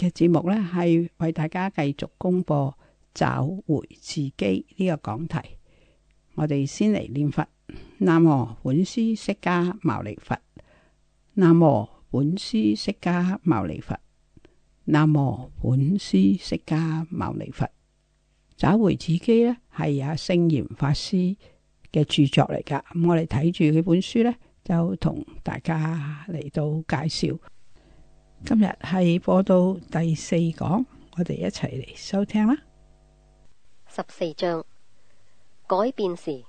嘅節目呢係為大家繼續公布找回自己呢個講題。我哋先嚟念佛：南無本師釋迦牟尼佛，南無本師釋迦牟尼佛，南無本師釋迦牟尼佛。找回自己呢係阿聖嚴法師嘅著作嚟噶。咁我哋睇住佢本書呢，就同大家嚟到介紹。今日係播到第四講，我哋一齊嚟收聽啦。十四章改變時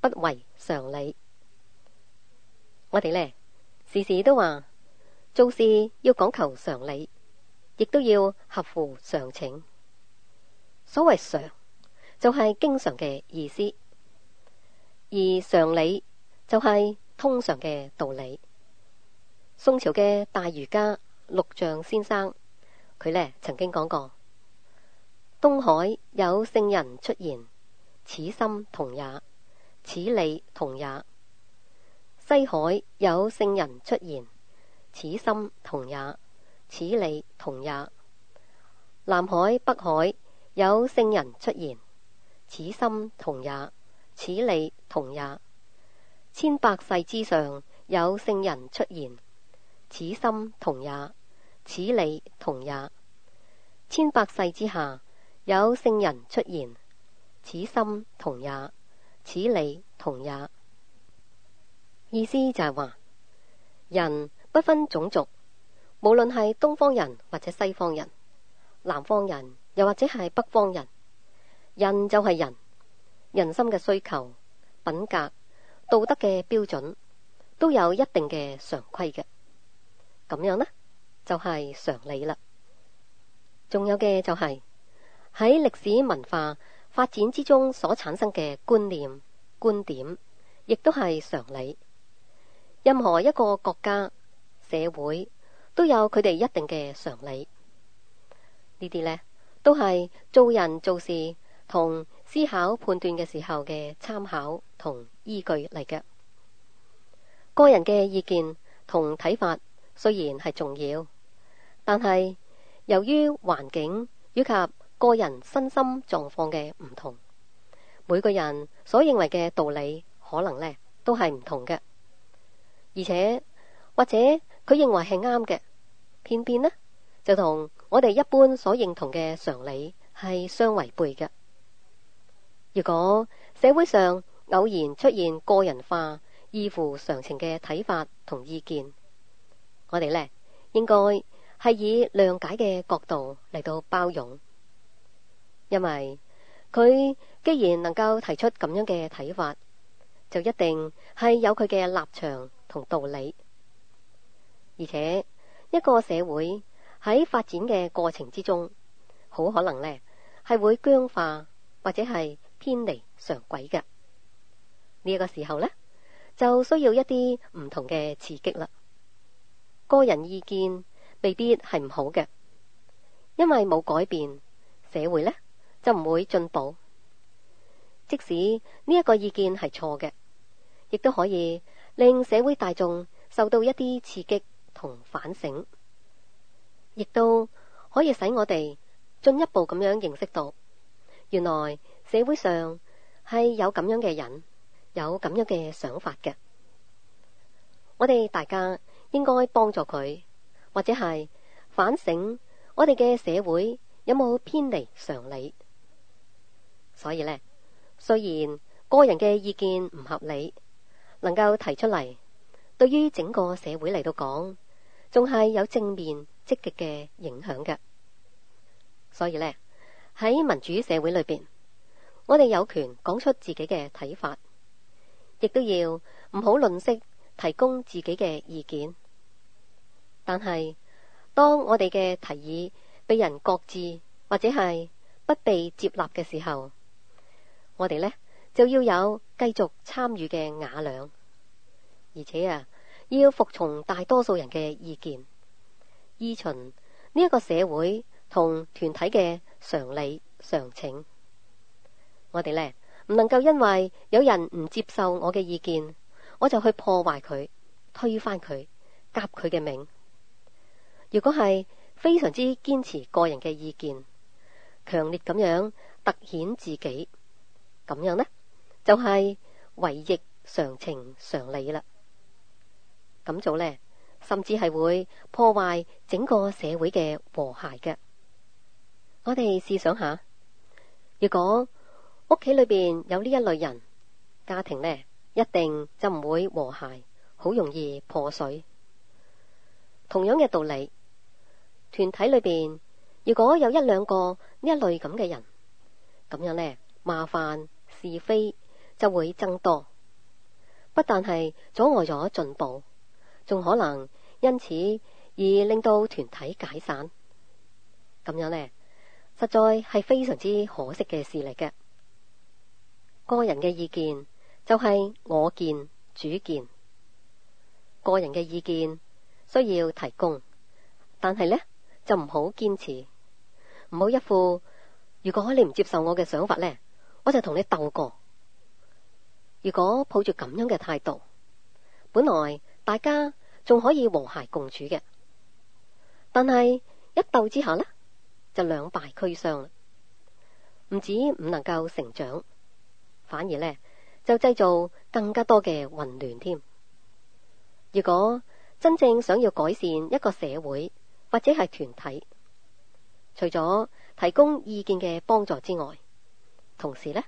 不違常理，我哋呢時時都話做事要講求常理，亦都要合乎常情。所謂常就係經常嘅意思，而常理就係通常嘅道理。宋朝嘅大儒家，陸象先生，佢呢曾經講過：東海有聖人出現，此心同也，此理同也；西海有聖人出現，此心同也，此理同也；南海、北海有聖人出現，此心同也，此理同也；千百世之上有聖人出現。此心同也，此理同也。千百世之下，有聖人出現，此心同也，此理同也。意思就係話，人不分種族，無論係東方人或者西方人、南方人又或者係北方人，人就係人，人心嘅需求、品格、道德嘅標準都有一定嘅常規嘅。咁樣呢，就係常理啦。仲有嘅就係喺歷史文化發展之中所產生嘅觀念觀點，亦都係常理。任何一個國家社會都有佢哋一定嘅常理。呢啲呢，都係做人做事同思考判斷嘅時候嘅參考同依據嚟嘅。個人嘅意見同睇法，雖然係重要，但係由於環境以及個人身心狀況嘅唔同，每個人所認為嘅道理可能呢都係唔同嘅，而且或者佢認為係啱嘅，偏偏呢，就同我哋一般所認同嘅常理係相違背嘅。如果社會上偶然出現個人化、異乎常情嘅睇法同意見。我哋呢，應該係以諒解嘅角度嚟到包容，因為佢既然能夠提出咁樣嘅睇法，就一定係有佢嘅立場同道理。而且一個社會喺發展嘅過程之中，好可能呢係會僵化或者係偏離常軌嘅。呢一個時候呢，就需要一啲唔同嘅刺激啦。個人意見未必係唔好嘅，因為冇改變，社會呢就唔會進步。即使呢一個意見係錯嘅，亦都可以令社會大眾受到一啲刺激同反省，亦都可以使我哋進一步咁樣認識到，原來社會上係有咁樣嘅人，有咁樣嘅想法嘅。我哋大家，應該幫助佢，或者係反省我哋嘅社會有冇偏離常理。所以呢，雖然個人嘅意見唔合理，能夠提出嚟，對於整個社會嚟到講，仲係有正面積極嘅影響嘅。所以呢，喺民主社會裏邊，我哋有權講出自己嘅睇法，亦都要唔好吝嗇，提供自己嘅意見。但係，當我哋嘅提議被人擱置或者係不被接納嘅時候，我哋呢就要有繼續參與嘅雅量，而且啊要服從大多數人嘅意見，依循呢一個社會同團體嘅常理常情。我哋呢唔能夠因為有人唔接受我嘅意見，我就去破壞佢，推翻佢，夾佢嘅命。如果係非常之堅持個人嘅意見，強烈咁樣突顯自己，咁樣呢就係、是、違逆常情常理啦。咁做呢，甚至係會破壞整個社會嘅和諧嘅。我哋試想下，如果屋企裏邊有呢一類人，家庭呢一定就唔會和諧，好容易破碎。同樣嘅道理，團體裏邊如果有一兩個呢一類咁嘅人，咁樣呢，麻煩是非就會增多，不但係阻礙咗進步，仲可能因此而令到團體解散。咁樣呢，實在係非常之可惜嘅事嚟嘅。個人嘅意見就係我見主見，個人嘅意見，需要提供，但係呢，就唔好堅持，唔好一副如果你唔接受我嘅想法呢，我就同你鬥過。如果抱住咁樣嘅態度，本來大家仲可以和諧共處嘅，但係一鬥之下呢，就兩敗俱傷，唔止唔能夠成長，反而呢，就製造更加多嘅混亂添。如果真正想要改善一個社會或者係團體，除咗提供意見嘅幫助之外，同時呢，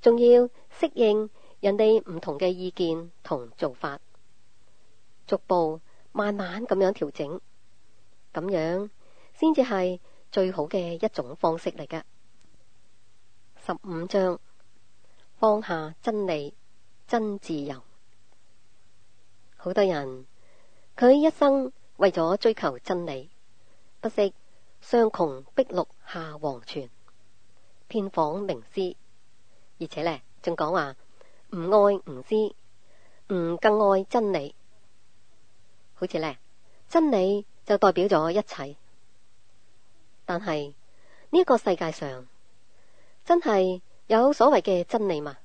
仲要適應人哋唔同嘅意見同做法，逐步慢慢咁樣調整，咁樣先至係最好嘅一種方式嚟嘅。十五章，放下真理，真自由。好多人。佢一生為咗追求真理，不惜上窮碧落下黃泉，遍訪名師。而且呢，仲講話唔愛唔知，唔更愛真理。好似呢，真理就代表咗一切。但係呢個世界上，真係有所謂嘅真理嗎？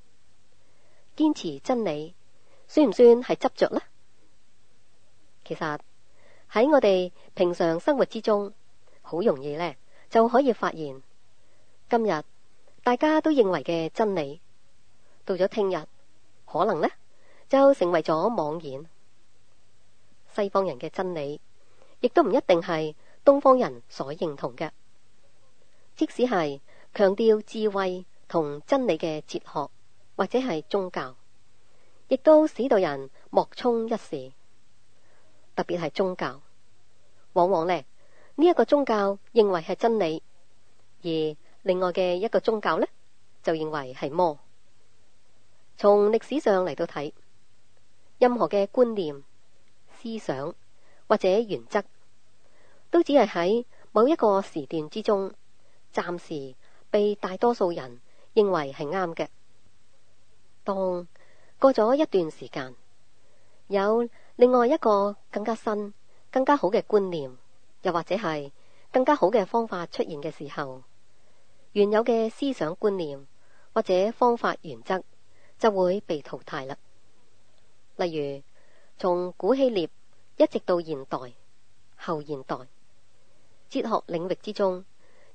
堅持真理，算唔算係執着呢？其實喺我哋平常生活之中，好容易呢就可以發現，今日大家都認為嘅真理，到咗聽日可能呢，就成為咗妄言。西方人嘅真理，亦都唔一定係東方人所認同嘅。即使係強調智慧同真理嘅哲學或者係宗教，亦都使到人莫衷一是。特別係宗教，往往呢，呢一個宗教認為係真理，而另外嘅一個宗教呢，就認為係魔。從歷史上嚟到睇，任何嘅觀念、思想或者原則，都只係喺某一個時段之中，暫時被大多數人認為係啱嘅。當過咗一段時間，有。另外一個更加新、更加好嘅觀念，又或者係更加好嘅方法出現嘅時候，原有嘅思想觀念或者方法原則就會被淘汰啦。例如，從古希臘一直到現代、後現代哲學領域之中，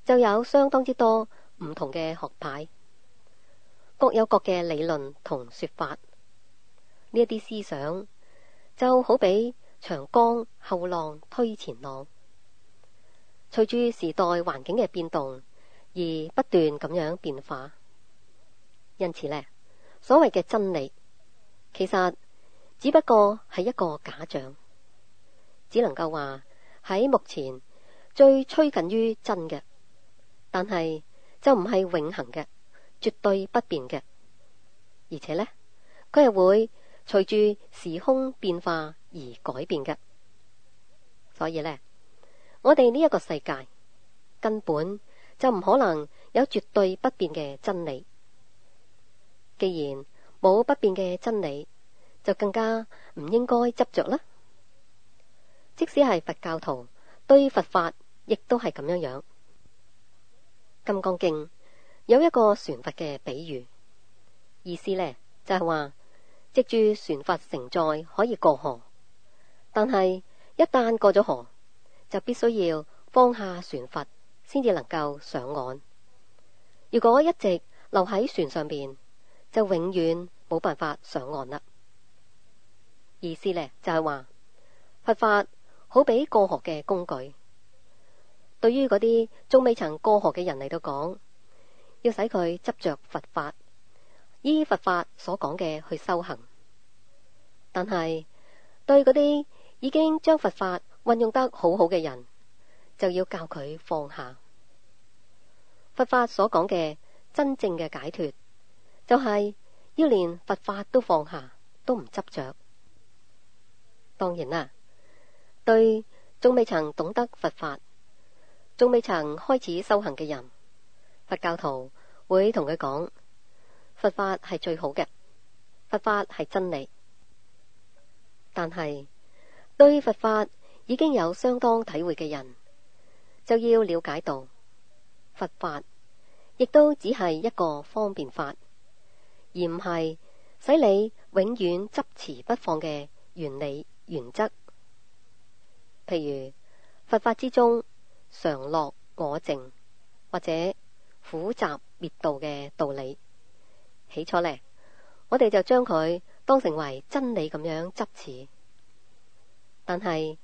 就有相當之多唔同嘅學派，各有各嘅理論同說法，呢一啲思想。就好比長江後浪推前浪，隨住時代環境嘅變動而不斷咁樣變化。因此呢，所謂嘅真理，其實只不過係一個假象，只能夠話喺目前最趨近於真嘅，但係就唔係永恆嘅，絕對不變嘅，而且呢，佢又會，隨住時空變化而改變嘅，所以呢，我哋呢一個世界根本就唔可能有絕對不變嘅真理。既然冇不變嘅真理，就更加唔應該執着啦。即使係佛教徒對佛法，亦都係咁樣樣。《金剛經》有一個船筏嘅比喻，意思呢就係話。藉住船筏承載可以過河，但係一旦過咗河，就必須要放下船筏，先至能夠上岸。如果一直留喺船上邊，就永遠冇辦法上岸啦。意思呢就係話，佛法好比過河嘅工具，對於嗰啲仲未曾過河嘅人嚟到講，要使佢執着佛法。依佛法所講嘅去修行，但係對嗰啲已經將佛法運用得好好嘅人，就要教佢放下。佛法所講嘅真正嘅解脫，就係、是、要連佛法都放下，都唔執着。當然啦，對仲未曾懂得佛法，仲未曾開始修行嘅人，佛教徒會同佢講。佛法係最好嘅，佛法係真理。但係對佛法已經有相當體會嘅人，就要了解到佛法亦都只係一個方便法，而唔係使你永遠執持不放嘅原理原則。譬如佛法之中常樂我淨或者苦集滅道嘅道理。起初呢，我哋就將佢當成為真理，咁樣執持，但係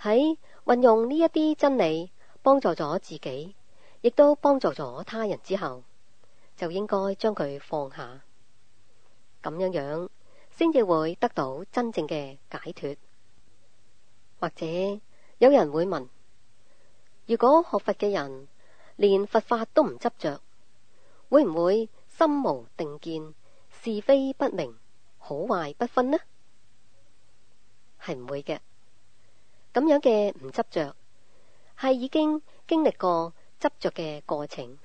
喺運用呢一啲真理幫助咗自己，亦都幫助咗他人之後，就應該將佢放下，咁樣樣先至會得到真正嘅解脫。或者有人會問：如果學佛嘅人連佛法都唔執着，會唔會？心無定見，是非不明，好壞不分呢？係唔會嘅。咁樣嘅唔執着，係已經經歷過執着嘅過程。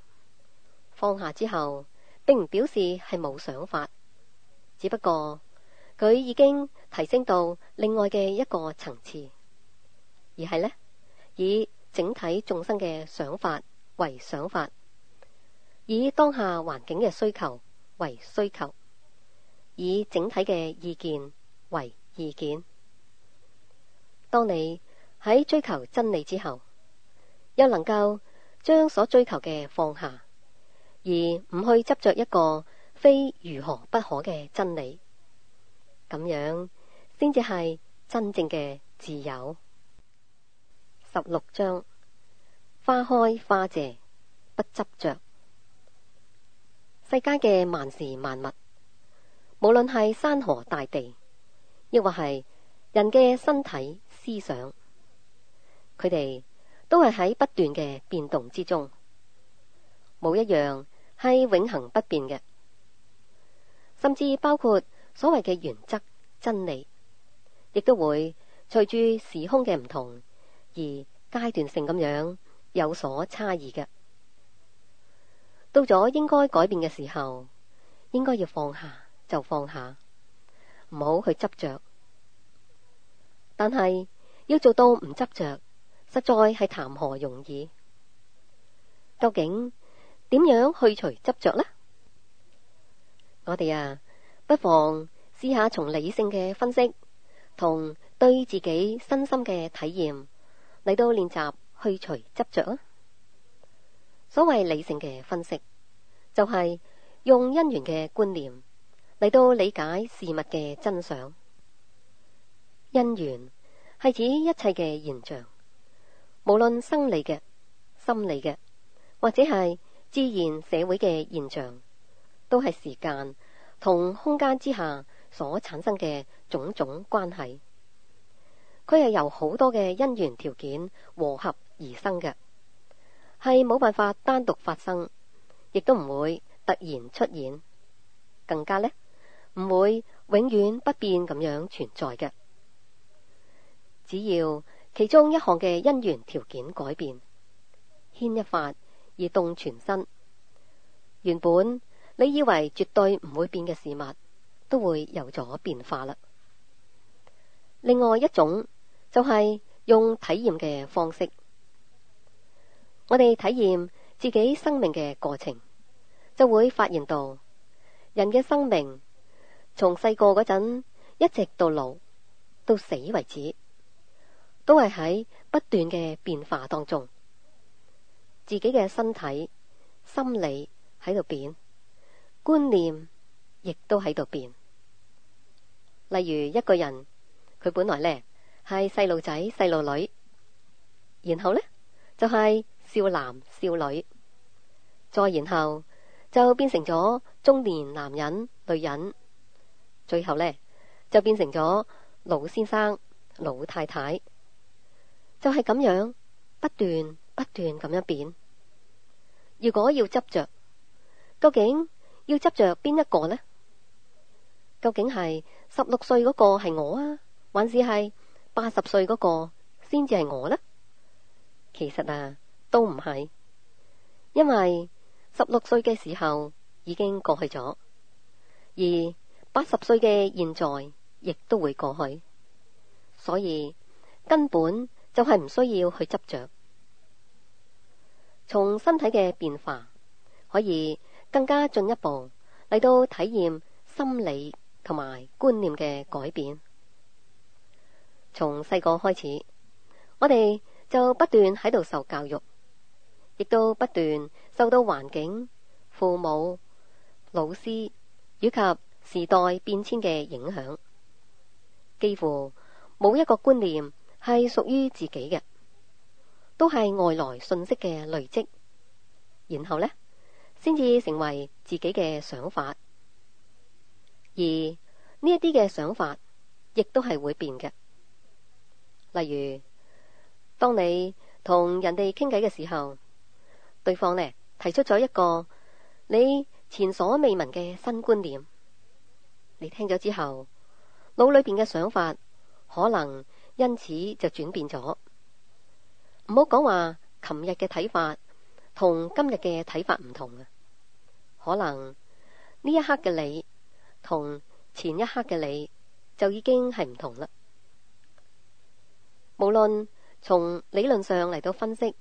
放下之後，並唔表示係冇想法，只不過佢已經提升到另外嘅一個層次，而係呢，以整體眾生嘅想法為想法。以當下環境嘅需求為需求，以整體嘅意見為意見。當你喺追求真理之後，又能夠將所追求嘅放下，而唔去執着一個非如何不可嘅真理，咁樣先至係真正嘅自由。十六章：花開花謝，不執着。世間嘅萬事萬物，無論係山河大地，亦或係人嘅身體思想，佢哋都係喺不斷嘅變動之中，冇一樣係永恒不變嘅。甚至包括所謂嘅原則、真理，亦都會隨住時空嘅唔同而階段性咁樣有所差異嘅。到咗應該改變嘅時候，應該要放下就放下，唔好去執着。但係要做到唔執着，實在係談何容易。究竟點樣去除執着呢？我哋啊，不妨試下從理性嘅分析同對自己身心嘅體驗嚟到練習去除執着啊！所謂理性嘅分析，就係用因緣嘅觀念嚟到理解事物嘅真相。因緣係指一切嘅現象，無論生理嘅、心理嘅，或者係自然社會嘅現象，都係時間同空間之下所產生嘅種種關係。佢係由好多嘅因緣條件和合而生嘅。係冇辦法單獨發生，亦都唔會突然出現，更加呢，唔會永遠不變咁樣存在嘅。只要其中一項嘅因緣條件改變，牽一髮而動全身，原本你以為絕對唔會變嘅事物，都會有咗變化啦。另外一種就係用體驗嘅方式。我哋體驗自己生命嘅過程，就會發現到人嘅生命從細個嗰陣一直到老到死為止，都係喺不斷嘅變化當中。自己嘅身體、心理喺度變，觀念亦都喺度變。例如一個人，佢本來呢係細路仔、細路女，然後呢就係、是。少男少女，再然後就變成咗中年男人女人，最後呢，就變成咗老先生老太太，就係咁樣不斷不斷咁樣變。如果要執着，究竟要執着邊一個呢？究竟係十六歲嗰個係我啊，還是係八十歲嗰個先至係我呢？其實啊。都唔係，因為十六歲嘅時候已經過去咗，而八十歲嘅現在亦都會過去，所以根本就係唔需要去執着。從身體嘅變化，可以更加進一步嚟到體驗心理同埋觀念嘅改變。從細個開始，我哋就不斷喺度受教育。亦都不斷受到環境、父母、老師以及時代變遷嘅影響，幾乎冇一個觀念係屬於自己嘅，都係外來信息嘅累積，然後呢先至成為自己嘅想法，而呢一啲嘅想法亦都係會變嘅。例如，當你同人哋傾偈嘅時候。對方呢提出咗一個你前所未聞嘅新觀念，你聽咗之後，腦裏邊嘅想法可能因此就轉變咗。唔好講話，琴日嘅睇法同今日嘅睇法唔同啊！可能呢一刻嘅你同前一刻嘅你就已經係唔同啦。無論從理論上嚟到分析，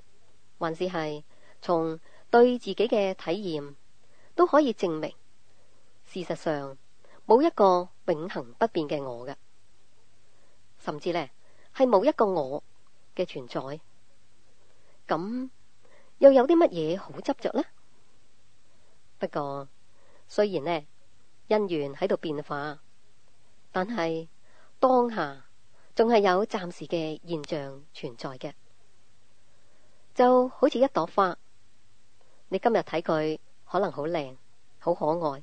還是係。從對自己嘅體驗都可以證明，事實上冇一個永恆不變嘅我嘅，甚至呢係冇一個我嘅存在。咁又有啲乜嘢好執着呢？不過雖然呢因緣喺度變化，但係當下仲係有暫時嘅現象存在嘅，就好似一朵花。你今日睇佢可能好靚、好可愛，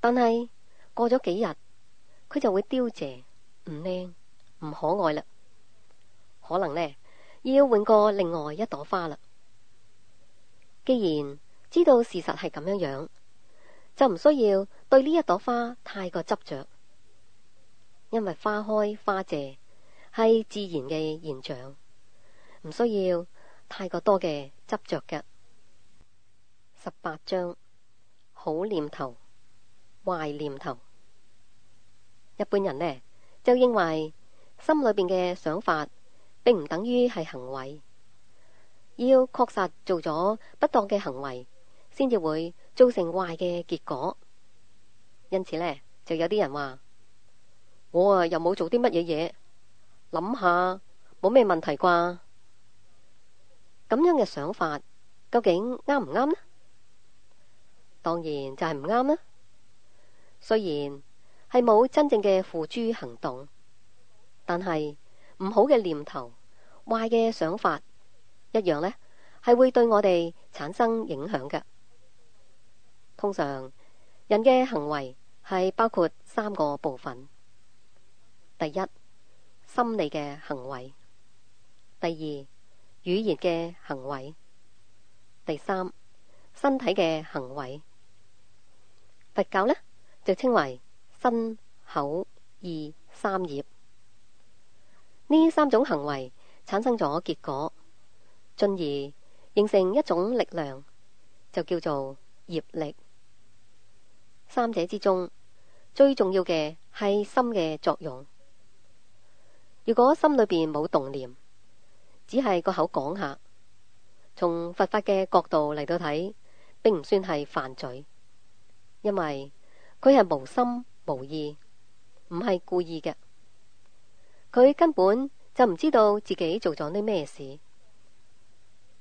但係過咗幾日佢就會凋謝，唔靚唔可愛啦。可能呢，要換過另外一朵花啦。既然知道事實係咁樣樣，就唔需要對呢一朵花太過執着，因為花開花謝係自然嘅現象，唔需要太過多嘅執着嘅。十八章，好念頭、壞念頭，一般人呢，就認為心裏邊嘅想法並唔等於係行為，要確實做咗不當嘅行為，先至會造成壞嘅結果。因此呢，就有啲人話：我啊又冇做啲乜嘢嘢，諗下冇咩問題啩？咁樣嘅想法究竟啱唔啱呢？當然就係唔啱啦。雖然係冇真正嘅付諸行動，但係唔好嘅念頭、壞嘅想法，一樣呢係會對我哋產生影響嘅。通常人嘅行為係包括三個部分：第一，心理嘅行為；第二，語言嘅行為；第三，身體嘅行為。佛教呢，就稱為身、口、意三業，呢三種行為產生咗結果，進而形成一種力量，就叫做業力。三者之中最重要嘅係心嘅作用。如果心裏邊冇動念，只係個口講下，從佛法嘅角度嚟到睇，並唔算係犯罪。因為佢係無心無意，唔係故意嘅，佢根本就唔知道自己做咗啲咩事。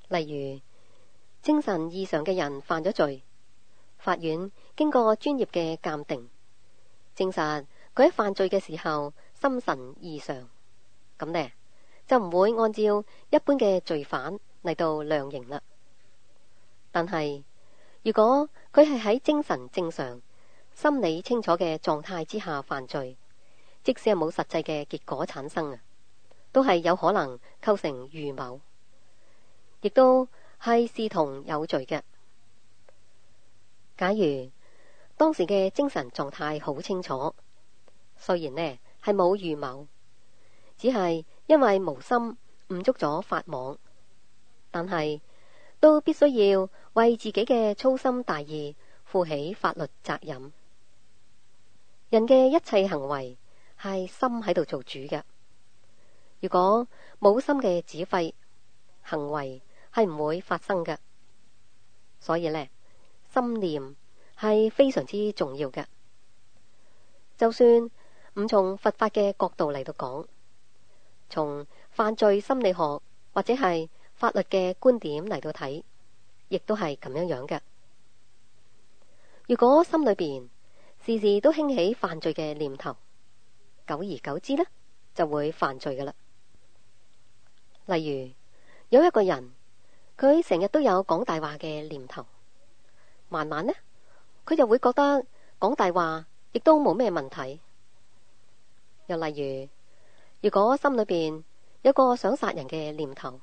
例如精神異常嘅人犯咗罪，法院經過專業嘅鑑定，證實佢喺犯罪嘅時候心神異常，咁呢，就唔會按照一般嘅罪犯嚟到量刑啦。但係，如果佢係喺精神正常、心理清楚嘅狀態之下犯罪，即使係冇實際嘅結果產生啊，都係有可能構成預謀，亦都係視同有罪嘅。假如當時嘅精神狀態好清楚，雖然呢係冇預謀，只係因為無心誤觸咗法網，但係都必須要。為自己嘅粗心大意負起法律責任。人嘅一切行為係心喺度做主嘅。如果冇心嘅指揮行為係唔會發生嘅。所以呢，心念係非常之重要嘅。就算唔從佛法嘅角度嚟到講，從犯罪心理學或者係法律嘅觀點嚟到睇，亦都係咁樣樣嘅。如果心裏邊時時都興起犯罪嘅念頭，久而久之呢，就會犯罪㗎啦。例如有一個人，佢成日都有講大話嘅念頭，慢慢呢，佢就會覺得講大話亦都冇咩問題。又例如，如果心裏邊有個想殺人嘅念頭，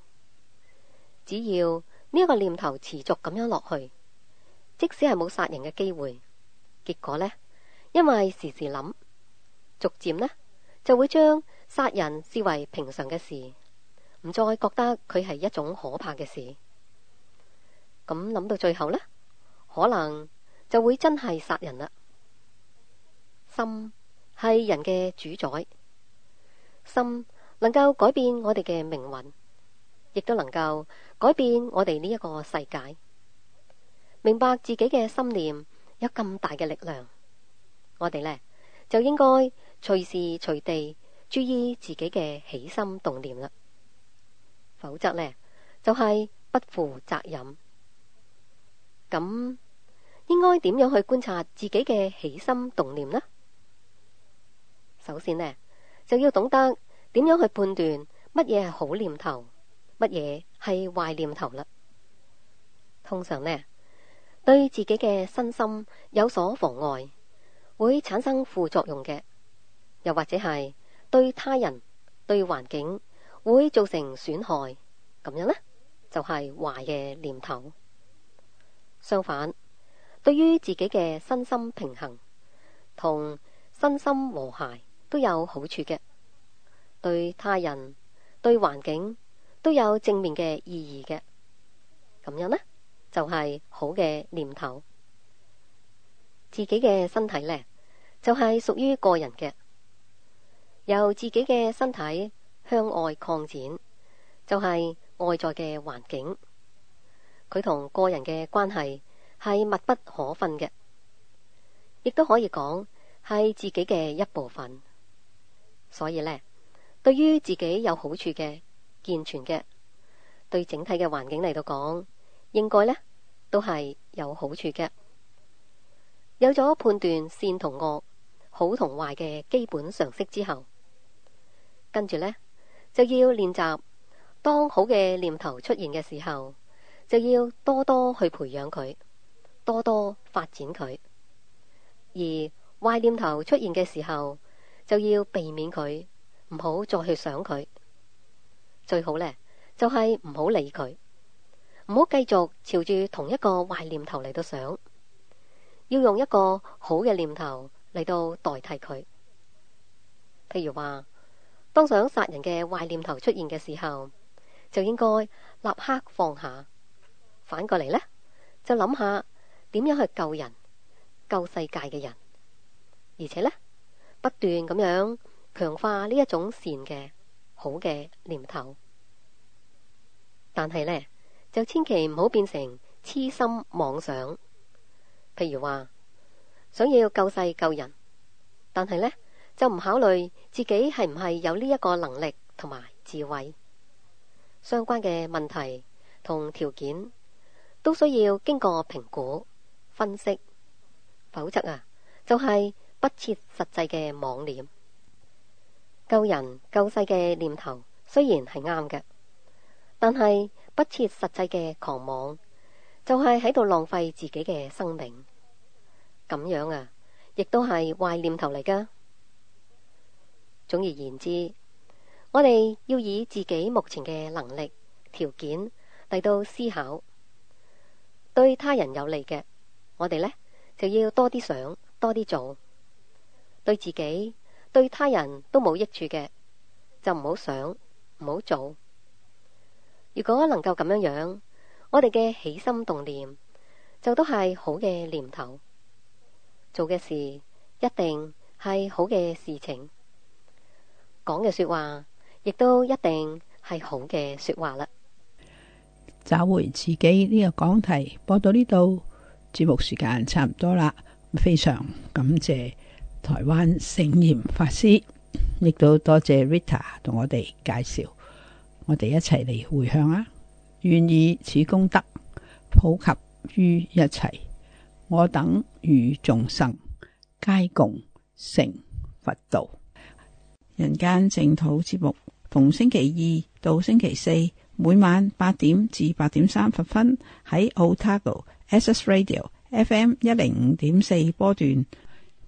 只要呢個念頭持續咁樣落去，即使係冇殺人嘅機會，結果呢，因為時時諗，逐漸呢，就會將殺人視為平常嘅事，唔再覺得佢係一種可怕嘅事。咁諗到最後呢，可能就會真係殺人啦。心係人嘅主宰，心能夠改變我哋嘅命運。亦都能夠改變我哋呢一個世界，明白自己嘅心念有咁大嘅力量，我哋呢，就應該隨時隨地注意自己嘅起心動念啦。否則呢，就係不負責任。咁應該點樣去觀察自己嘅起心動念呢？首先呢，就要懂得點樣去判斷乜嘢係好念頭。乜嘢係壞念頭嘞。通常呢，對自己嘅身心有所妨礙，會產生副作用嘅，又或者係對他人、對環境會造成損害，咁樣呢，就係、是、壞嘅念頭。相反，對於自己嘅身心平衡同身心和諧都有好處嘅，對他人、對環境。都有正面嘅意義嘅，咁樣呢，就係好嘅念頭。自己嘅身體呢，就係屬於個人嘅，由自己嘅身體向外擴展，就係外在嘅環境。佢同個人嘅關係係密不可分嘅，亦都可以講係自己嘅一部分。所以呢，對於自己有好處嘅。健全嘅，對整體嘅環境嚟到講，應該呢都係有好處嘅。有咗判斷善同惡、好同壞嘅基本常識之後，跟住呢就要練習，當好嘅念頭出現嘅時候，就要多多去培養佢，多多發展佢，而壞念頭出現嘅時候，就要避免佢，唔好再去想佢。最好呢，就係唔好理佢，唔好繼續朝住同一個壞念頭嚟到想，要用一個好嘅念頭嚟到代替佢。譬如話，當想殺人嘅壞念頭出現嘅時候，就應該立刻放下。反過嚟呢，就諗下點樣去救人、救世界嘅人，而且呢，不斷咁樣強化呢一種善嘅。好嘅念頭，但係呢，就千祈唔好變成痴心妄想。譬如話想要救世救人，但係呢，就唔考慮自己係唔係有呢一個能力同埋智慧，相關嘅問題同條件都需要經過評估分析，否則啊就係不切實際嘅妄念。救人救世嘅念頭雖然係啱嘅，但係不切實際嘅狂妄就係喺度浪費自己嘅生命，咁樣啊，亦都係壞念頭嚟㗎。總而言之，我哋要以自己目前嘅能力條件嚟到思考，對他人有利嘅，我哋呢，就要多啲想，多啲做，對自己。對他人都冇益處嘅，就唔好想，唔好做。如果能夠咁樣樣，我哋嘅起心動念就都係好嘅念頭，做嘅事一定係好嘅事情，講嘅說話亦都一定係好嘅說話啦。找回自己呢個講題播到呢度節目時間差唔多啦，非常感謝。台灣聖嚴法師，亦都多謝 Rita 同我哋介紹，我哋一齊嚟回向啊！願以此功德普及於一切，我等與眾生，皆共成佛道。人間淨土節目，逢星期二到星期四，每晚八點至八點三十分，喺 Otago 奧塔哥 SS Radio FM 一零五點四波段，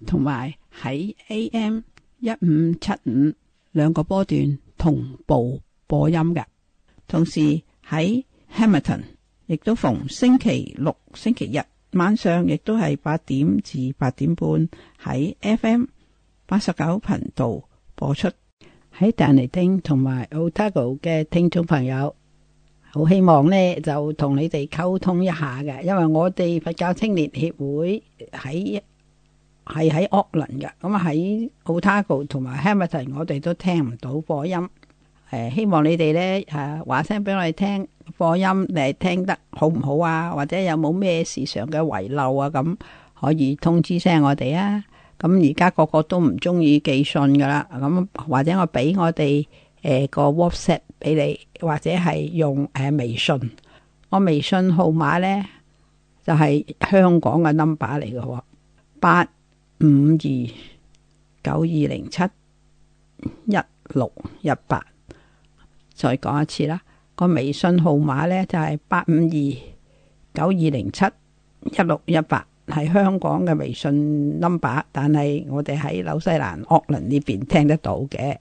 同埋。喺 AM 一五七五兩個波段同步播音嘅，同時喺 Hamilton 亦都逢星期六、星期日晚上，亦都係八點至八點半喺 FM 八十九頻道播出。喺 d a n 鄧尼丁同埋 Otago 嘅聽眾朋友，好希望呢就同你哋溝通一下嘅，因為我哋佛教青年協會喺。係喺 Auckland 嘅，咁啊喺奧塔哥同埋 Hamilton，我哋都聽唔到播音。誒、呃，希望你哋呢誒、啊、話聲俾我哋聽，播音你聽得好唔好啊？或者有冇咩時常嘅遺漏啊？咁可以通知聲我哋啊！咁而家個個都唔中意寄信噶啦，咁或者我俾我哋誒、呃、個 WhatsApp 俾你，或者係用誒、呃、微信。我微信號碼呢，就係、是、香港嘅 number 嚟嘅喎，八五二九二零七一六一八，18, 再講一次啦。個微信號碼呢，就係八五二九二零七一六一八，係香港嘅微信 number，但係我哋喺紐西蘭奧克蘭呢邊聽得到嘅。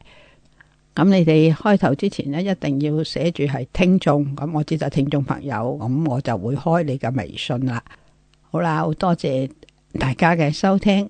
咁你哋開頭之前呢，一定要寫住係聽眾。咁我知道聽眾朋友，咁我就會開你嘅微信啦。好啦，好多謝大家嘅收聽。